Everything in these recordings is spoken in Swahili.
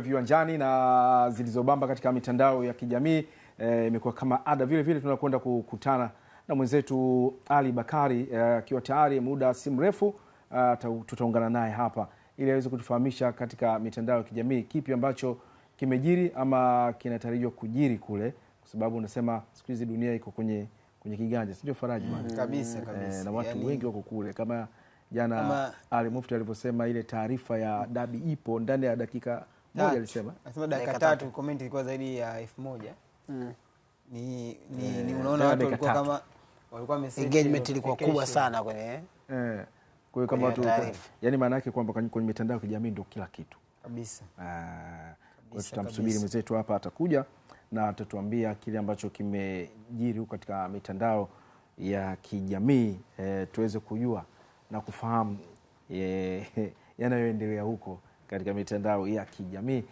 Viwanjani na zilizobamba katika mitandao ya kijamii eh, imekuwa e, kama ada vile vile, tunakwenda kukutana na mwenzetu Ali Bakari eh, akiwa e, tayari muda si mrefu eh, tutaungana naye hapa ili aweze kutufahamisha katika mitandao ya kijamii kipi ambacho kimejiri ama kinatarajiwa kujiri kule, kwa sababu unasema siku hizi dunia iko kwenye kwenye kiganja, si Faraji? mm, kabisa, kabisa. E, na watu yani... wengi wako kule kama jana Ama... Ali Mufti alivyosema ile taarifa ya dabi ipo ndani ya dakika moja alisema, anasema dakika tatu, comment ilikuwa zaidi ya mm. ni, ni, yeah. ni unaona watu walikuwa kama walikuwa message engagement ilikuwa kubwa sana kwenye eh kwa hiyo kama watu yani, maana yake kwamba kwenye mitandao ya kijamii ndio kila kitu kabisa. Ah, kwa tutamsubiri mwenzetu hapa atakuja na atatuambia kile ambacho kimejiri huko katika mitandao ya kijamii e, tuweze kujua na kufahamu e, yanayoendelea huko katika mitandao ya kijamii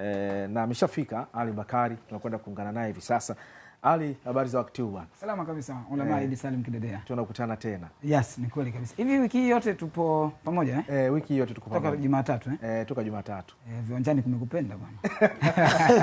e, na ameshafika Ali Bakari, tunakwenda kuungana naye hivi sasa. Ali, habari za wakati huu bwana? Salama kabisa. Ulama eh. Idi Salim Kidedea. Tunakutana tena. Yes, ni kweli kabisa. Hivi wiki hii yote tupo pamoja eh? Eh, wiki yote tuko pamoja. Toka Jumatatu eh? Eh, toka Jumatatu. Eh, viwanjani kumekupenda bwana.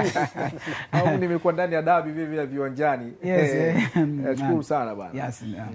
Au nimekuwa ndani ya dabi vile vile viwanjani. Yes. Eh, eh, eh shukuru sana bwana. Yes. Eh. Mm. Ah, yeah.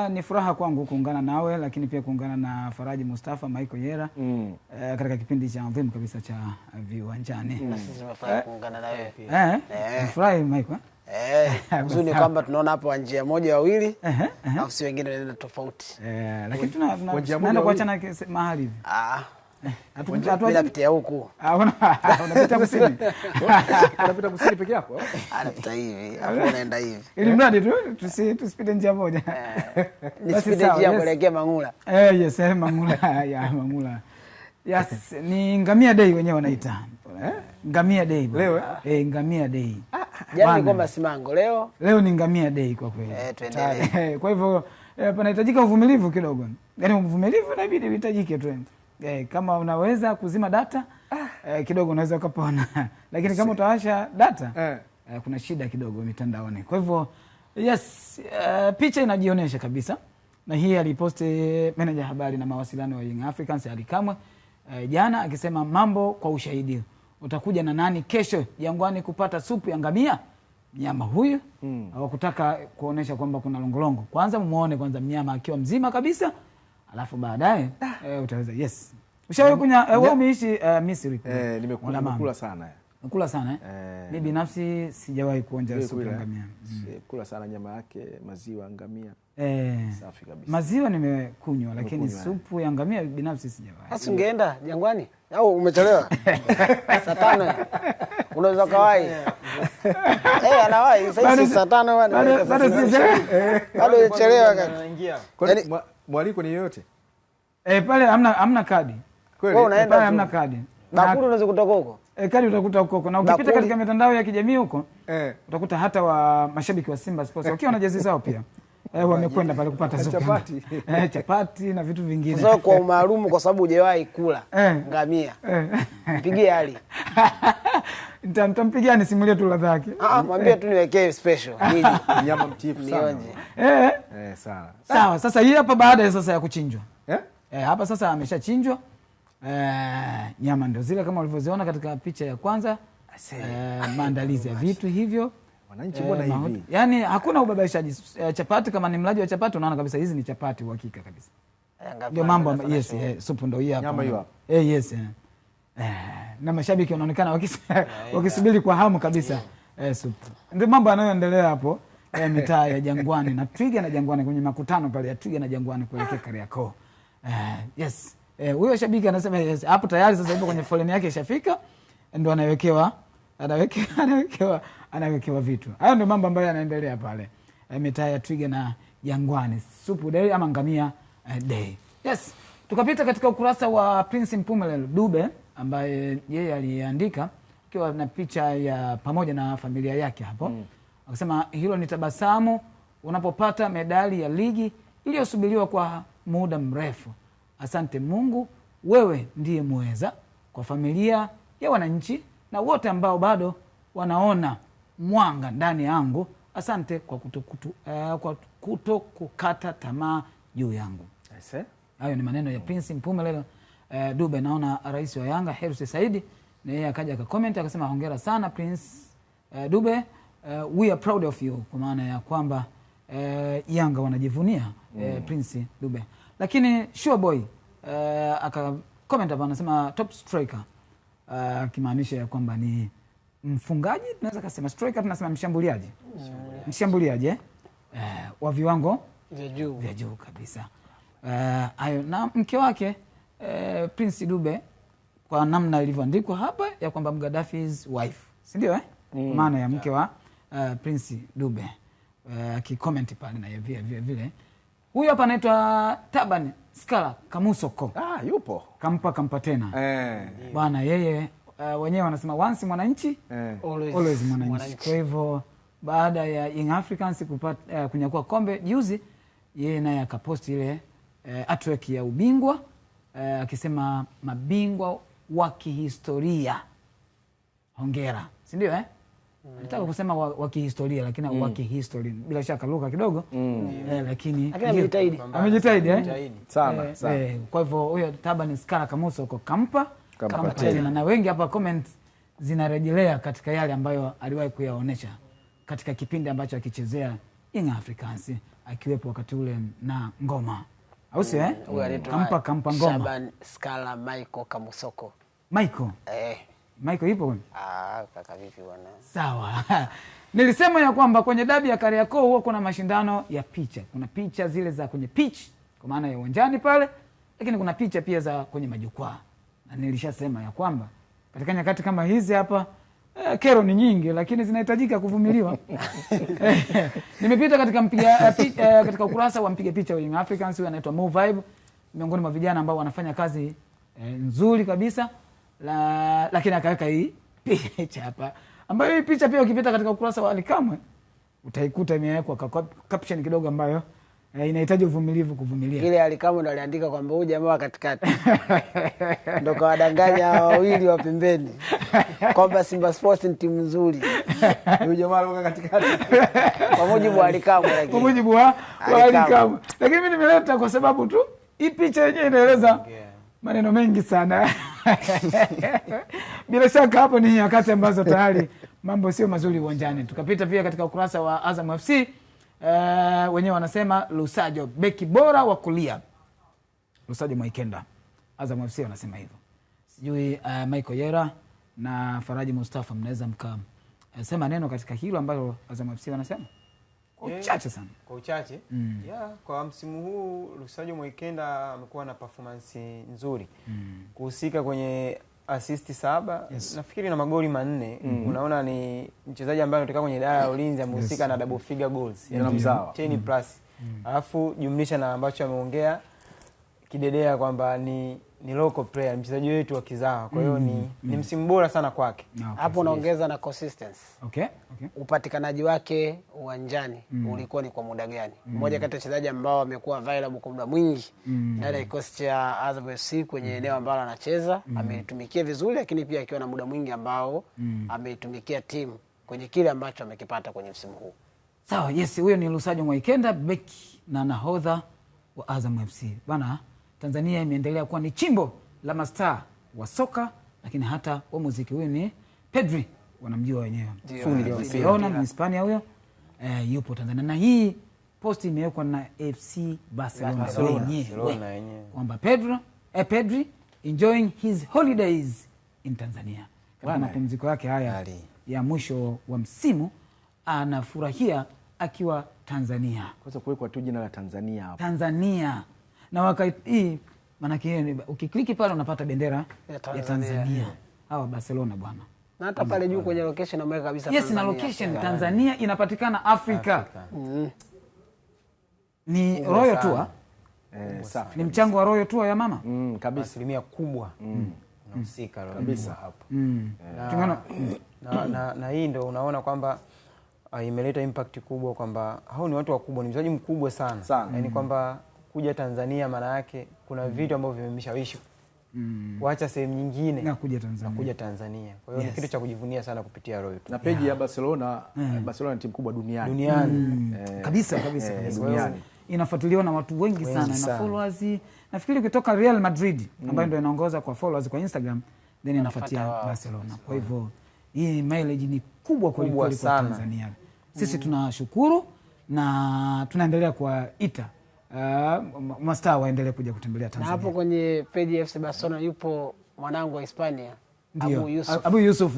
Mm. Uh, ni furaha kwangu kuungana nawe lakini pia kuungana na Faraji Mustafa, Michael Yera mm. Uh, katika kipindi cha adhimu kabisa cha viwanjani. Mm. Na sisi tumefurahi kuungana nawe pia. Eh, eh. Furahi Michael. Eh, uzuri kwamba tunaona hapa njia moja wawili alafu si wengine wanaenda tofauti. Eh, lakini tuna tunaenda kuachana mahali hivi. Ah. Eh, napitia huku. Ah, Unapita kusini. Unapita kusini peke yako? Anapita ah, hivi, eh. alafu unaenda hivi. Ili mradi tu tusipite njia moja. Eh, nisipite njia kuelekea Mangula. Eh, yes, Mangula. Ya, Mangula. Yes, ni Ngamia Day wenyewe wanaita. Ngamia Day. Leo? Eh, Ngamia Day. Ah. Jana ilikuwa masimango, leo leo ni ngamia day kwa kweli eh, tuendelee. Kwa hivyo eh, panahitajika uvumilivu kidogo, yaani uvumilivu inabidi uhitajike tu eh, kama unaweza kuzima data ah. eh, kidogo unaweza ukapona lakini kama utawasha data eh, eh, kuna shida kidogo mitandaoni. Kwa hivyo yes, uh, picha inajionyesha kabisa, na hii aliposti meneja habari na mawasiliano wa Young Africans Ally Kamwe eh, jana akisema mambo kwa ushahidi utakuja na nani kesho Jangwani kupata supu ya ngamia? Mnyama huyu mm. awakutaka kuonesha kwamba kuna longolongo. Kwanza mwone kwanza mnyama akiwa mzima kabisa, alafu baadaye ah. e, utaweza yes. ushawai kunya eh, wewe umeishi uh, eh, Misri? Eh, nimekula sana. Nakula sana eh? Eh, mi binafsi sijawahi kuonja supu ya ngamia mm. Kula sana nyama yake, maziwa ngamia eh, safi kabisa. Maziwa nimekunywa lakini eh. supu ya ngamia binafsi sijawahi. Basi ungeenda jangwani au umechelewa? saa tano unaweza kawai eh, anawai sasa saa tano bado hujachelewa kaka. Yaani- mwaliko ni yoyote eh, pale hamna hamna kadi kweli, pale hamna kadi. Bakuli unaweza kutoka huko E, kali utakuta huko huko na ukipita na katika mitandao ya kijamii huko e, utakuta hata wa mashabiki wa Simba Sports wakiwa na jezi zao pia e, wamekwenda pale kupata chapati. E, chapati na vitu vingine sasa kwa umaalumu kwa sababu hujawahi kula e, ngamia e, mpigie hali nitampigia nisimulie tu ladha yake, ah, ah, mwambie tu niwekee special nyama mtifu sana eh eh, sawa sawa. Sasa hii hapa baada ya sasa ya kuchinjwa eh, hapa sasa ameshachinjwa Eh, nyama ndio zile kama ulivyoziona katika picha ya kwanza eh, maandalizi ya vitu hivyo wananchi mbona eh, hivi yani hakuna ubabaishaji eh, chapati kama ni mlaji wa chapati unaona kabisa hizi ni chapati uhakika kabisa eh, ndio mambo yes, eh, supu ndo hii hapa eh, yes, eh. na mashabiki wanaonekana wakisubiri kwa hamu kabisa eh, supu ndio mambo yanayoendelea hapo eh, mitaa ya Jangwani na Twiga na Jangwani kwenye makutano pale ya Twiga na Jangwani kuelekea Kariakoo eh, yes Eh, huyo shabiki anasema yes, hapo tayari sasa hivi kwenye foleni yake ishafika, ndo anawekewa anawekewa anawekewa vitu. Hayo ndio mambo ambayo yanaendelea pale e, mitaa ya Twiga na Jangwani, supu dei ama ngamia e, eh, dei Yes, tukapita katika ukurasa wa Prince Mpumelelo Dube ambaye yeye aliandika akiwa na picha ya pamoja na familia yake hapo mm. Akasema hilo ni tabasamu unapopata medali ya ligi iliyosubiriwa kwa muda mrefu Asante Mungu, wewe ndiye muweza, kwa familia ya wananchi na wote ambao bado wanaona mwanga ndani yangu. Asante kwa kuto, uh, kuto tamaa juu yangu. Eh. Hayo ni maneno ya Prince leo uh, Dube. Naona rais wa Yanga herusi Saidi na yeye akaja akakomenti akasema, hongera sana Prince uh, Dube, uh, we are proud of you, kwa maana ya kwamba uh, Yanga wanajivunia uh, Prince Dube lakini sure boy uh, aka comment hapa anasema top striker eh, akimaanisha uh, ya kwamba ni mfungaji, tunaweza kusema striker, tunasema mshambuliaji, mshambuliaji eh, uh, wa viwango vya juu vya juu kabisa hayo eh, ayo na mke wake uh, Prince Dube kwa namna ilivyoandikwa hapa ya kwamba Mgadafi's wife, si ndio eh? Mm, maana ya mke wa uh, Prince Dube akicomment uh, pale na vile vile Huyu hapa anaitwa Taban Skala Kamusoko. Ah, yupo. Kampa kampa tena. Eh. Bwana yeye uh, wenyewe wanasema once mwananchi eh, always, always mwananchi. Kwa hivyo baada ya Young Africans kupata uh, eh, kunyakua kombe juzi, yeye naye akaposti ile uh, eh, atwek ya ubingwa akisema uh, mabingwa wa kihistoria. Hongera. Si ndio eh? Nataka kusema wa, wa kihistoria lakini mm. wa kihistori bila shaka lugha kidogo mm. eh, lakini amejitahidi amejitahidi eh? sana eh, sana eh, kwa hivyo huyo Tabani Skara Kamuso uko kampa kampa, tena, na wengi hapa comment zinarejelea katika yale ambayo aliwahi kuyaonesha katika kipindi ambacho akichezea in Africans akiwepo wakati ule na Ngoma au sio? mm. eh? kampa kampa Ngoma Shaban Skala Michael Kamusoko Michael eh Michael ipo? Ah, kaka vipi bwana? Sawa. Nilisema ya kwamba kwenye dabi ya Kariakoo huwa kuna mashindano ya picha. Kuna picha zile za kwenye pitch kwa maana ya uwanjani pale, lakini kuna picha pia za kwenye majukwaa. Na nilishasema ya kwamba katika nyakati kama hizi hapa eh, kero ni nyingi lakini zinahitajika kuvumiliwa. Nimepita katika mpiga eh, eh, katika ukurasa wa mpiga picha wa Young Africans huyu anaitwa Mo Vibe miongoni mwa vijana ambao wanafanya kazi eh, nzuri kabisa la, lakini akaweka hii picha hapa, ambayo hii picha pia ukipita katika ukurasa wa Alikamwe utaikuta imewekwa kwa caption kidogo ambayo eh, inahitaji uvumilivu kuvumilia. Ile Alikamwe ndo aliandika kwamba huyu jamaa wa katikati ndo kawadanganya wawili wa pembeni kwamba Simba Sports ni timu nzuri, huyu jamaa alikuwa katikati kwa mujibu wa Alikamwe, lakini kwa mujibu wa Alikamwe, lakini mimi nimeleta kwa sababu tu hii picha yenyewe inaeleza maneno mengi sana bila shaka hapo ni nyakati ambazo tayari mambo sio mazuri uwanjani. Tukapita pia katika ukurasa wa Azam FC uh, eh, wenyewe wanasema Lusajo beki bora wa kulia, Lusajo Mwaikenda. Azam FC wanasema hivyo, sijui uh, eh, Michael Yera na Faraji Mustafa, mnaweza mkasema eh, neno katika hilo ambalo Azam FC wanasema kwa eh, uchache sana, kwa uchache mm. yeah, kwa msimu huu Lusajo Mwikenda amekuwa na performance nzuri mm. kuhusika kwenye asisti saba yes. nafikiri na magoli manne mm. unaona ni mchezaji ambaye anatoka kwenye idara ya ulinzi amehusika yes. na double figure goals yani 10 mm. plus mm. alafu jumlisha na ambacho ameongea kidedea kwamba ni ni local player, mchezaji wetu wa kizaa, kwa hiyo mm, ni, mm. ni msimu bora sana kwake hapo, unaongeza na consistency. Okay, okay. Upatikanaji wake uwanjani mm. ulikuwa ni kwa muda gani? Mm. Mmoja mm. kati ya wachezaji ambao wamekuwa available kwa muda mwingi mm. ndani ya kikosi cha Azam FC kwenye mm. eneo ambalo anacheza mm. ameitumikia vizuri, lakini pia akiwa na muda mwingi ambao mm. ameitumikia timu kwenye kile ambacho amekipata kwenye msimu huu. Sawa, yes, huyo ni Lusajo Mwaikenda, beki na nahodha wa Azam FC bana. Tanzania imeendelea kuwa ni chimbo la mastaa wa soka, lakini hata wa muziki. Huyu ni Pedri, wanamjua wenyewe, ona ni Hispania huyo Uh, yupo Tanzania na hii posti imewekwa na FC Barcelona wenyewe kwamba Pedro, eh, Pedri enjoying his holidays in Tanzania katika mapumziko yake haya Ali. ya mwisho wa msimu anafurahia akiwa Tanzania. Kwanza kuwekwa tu jina la Tanzania hapo. Tanzania na waka hii maanake ukikliki pale unapata bendera ya Tanzania, ya Tanzania. Hawa Barcelona bwana na hata pale juu kwenye location ameweka kabisa yes, Tanzania. na location Tanzania inapatikana Afrika, Afrika. Mm. ni royo Royal eh, safi ni mchango wa royo Tour ya mama mm, kabisa asilimia kubwa mm. unahusika mm. kabisa hapo mm. Eh. na, na, na, na hii ndio unaona kwamba uh, imeleta impact kubwa kwamba hao ni watu wakubwa, ni mchezaji mkubwa sana, sana. mm. kwamba kuja Tanzania maana yake kuna mm. vitu ambavyo vimemshawishi mm. kuacha sehemu nyingine na kuja Tanzania, na kuja Tanzania. Kwa hiyo yes. ni kitu cha kujivunia sana kupitia Royal na peji yeah. ya Barcelona mm. Barcelona ni timu kubwa duniani duniani mm. eh, kabisa kabisa eh, duniani inafuatiliwa na watu wengi, wengi sana, sana na followers nafikiri ukitoka Real Madrid mm. ambayo ndio inaongoza kwa followers kwa Instagram then inafuatia Barcelona. Kwa mm. hivyo hii mileage ni kubwa kuliko kwa Tanzania. Sisi mm. tunashukuru na tunaendelea kuwaita uh, mastaa waendelee kuja kutembelea Tanzania. Na hapo kwenye peji ya FC Barcelona yupo mwanangu wa Hispania Abu Yusuf. Abu Yusuf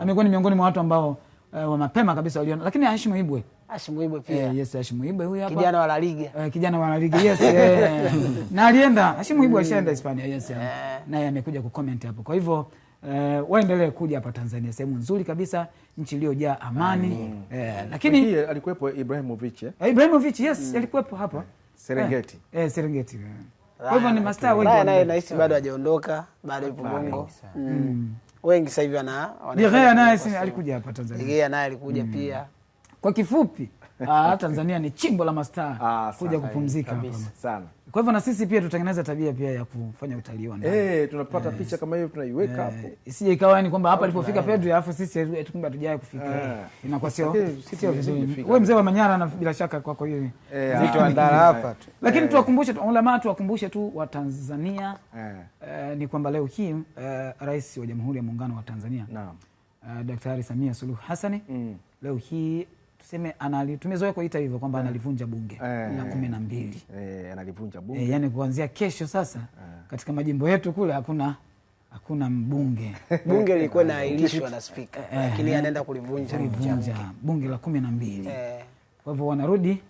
amekuwa ni miongoni mwa watu ambao uh, wa mapema kabisa waliona, lakini Ashi Muibwe Ashi Muibwe pia. Yeah, yes, Ashi Muibwe huyu hapa. Kijana wa La Liga. Uh, kijana wa La Liga. Yes. yeah. Na alienda Ashi Muibwe alishaenda Hispania. Yes. Yeah. Yeah. Naye amekuja comment hapo. Kwa hivyo Uh, waendelee kuja hapa Tanzania, sehemu nzuri kabisa, nchi iliyojaa amani. Mm. Uh, lakini alikuwepo Ibrahimovic eh? Ibrahimovic yes, mm. alikuwepo hapa. Yeah. Serengeti. Eh, eh, Serengeti. Kwa ah, hivyo ni mastaa wengi. naye nahisi bado hajaondoka, bado yupo Bongo. Mm. mm. Wengi sasa hivi wana naye alikuja hapa Tanzania. naye alikuja mm. pia. Kwa kifupi aa, ah, Tanzania ni chimbo la mastaa ah, kuja kupumzika sana. Kwa hivyo na sisi pia tutengeneza tabia pia ya kufanya utalii wa ndani. Eh, tunapata yes, eh, picha kama hiyo tunaiweka eh, hapo. Eh, isije ikawa ni kwamba hapa alipofika Pedro alafu sisi tukumbe hatujawahi kufika. Eh, Inakuwa sio sio vizuri. Wewe mzee wa Manyara na bila shaka kwako hiyo. Eh, zito andara hapa tu. Lakini tuwakumbushe ulama tuwakumbushe tu wa Tanzania eh, ni kwamba leo hii eh, Rais wa Jamhuri ya Muungano wa Tanzania. Naam. Eh, Daktari Samia Suluhu Hassani mm. Leo hii tuseme anali tumezoea kuita hivyo kwamba analivunja bunge eh. la eh. kumi na mbili eh, analivunja bunge e, yani kuanzia kesho sasa e, katika majimbo yetu kule hakuna hakuna mbunge bunge lilikuwa naahirishwa na spika e, lakini anaenda kulivunja bunge la kumi na mbili e. Kwa hivyo wanarudi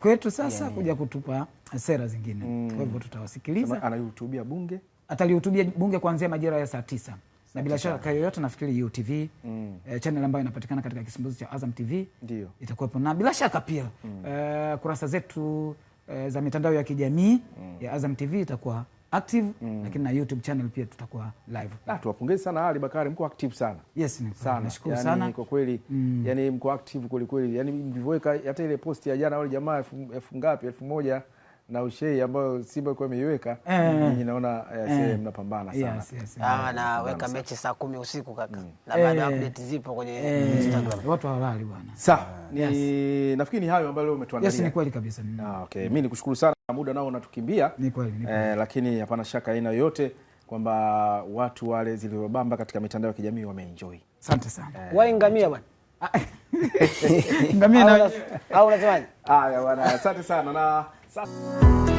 kwetu sasa yaani. kuja kutupa sera zingine mm. Kwa hivyo mm. tutawasikiliza. Analihutubia bunge, atalihutubia bunge kuanzia majira ya saa tisa na bila shaka yoyote nafikiri UTV mm. eh, channel ambayo inapatikana katika kisimbuzi cha Azam TV ndio itakuwepo, na bila shaka pia mm. eh, kurasa zetu eh, za mitandao ya kijamii mm. ya Azam TV itakuwa active mm. lakini na YouTube channel pia tutakuwa live. Ah, tuwapongeze sana Ali Bakari, mko active sana. Yes, nashukuru yaani sana kwa kweli mm. yani mko active kweli kweli, yani mlivyoweka hata ile posti ya jana wale jamaa elfu ngapi elfu moja na ushei ambayo Simba ilikuwa imeiweka mm. inaona ninyi, mm. mnapambana sana, Ah, na weka mechi saa kumi usiku kaka, mm. na baada ya update zipo kwenye Instagram, watu hawalali bwana. Sawa, nafikiri ni hayo ambayo leo umetuandalia. Yes, ni kweli kabisa. Mm. Ah, okay, mimi nikushukuru sana, muda nao unatukimbia, lakini hapana shaka aina yoyote kwamba watu wale zilizobamba katika mitandao ya kijamii wameenjoy. Asante sana eh, waingamia bwana ngamia au unasemaje? Haya bwana, asante sana na Gracias.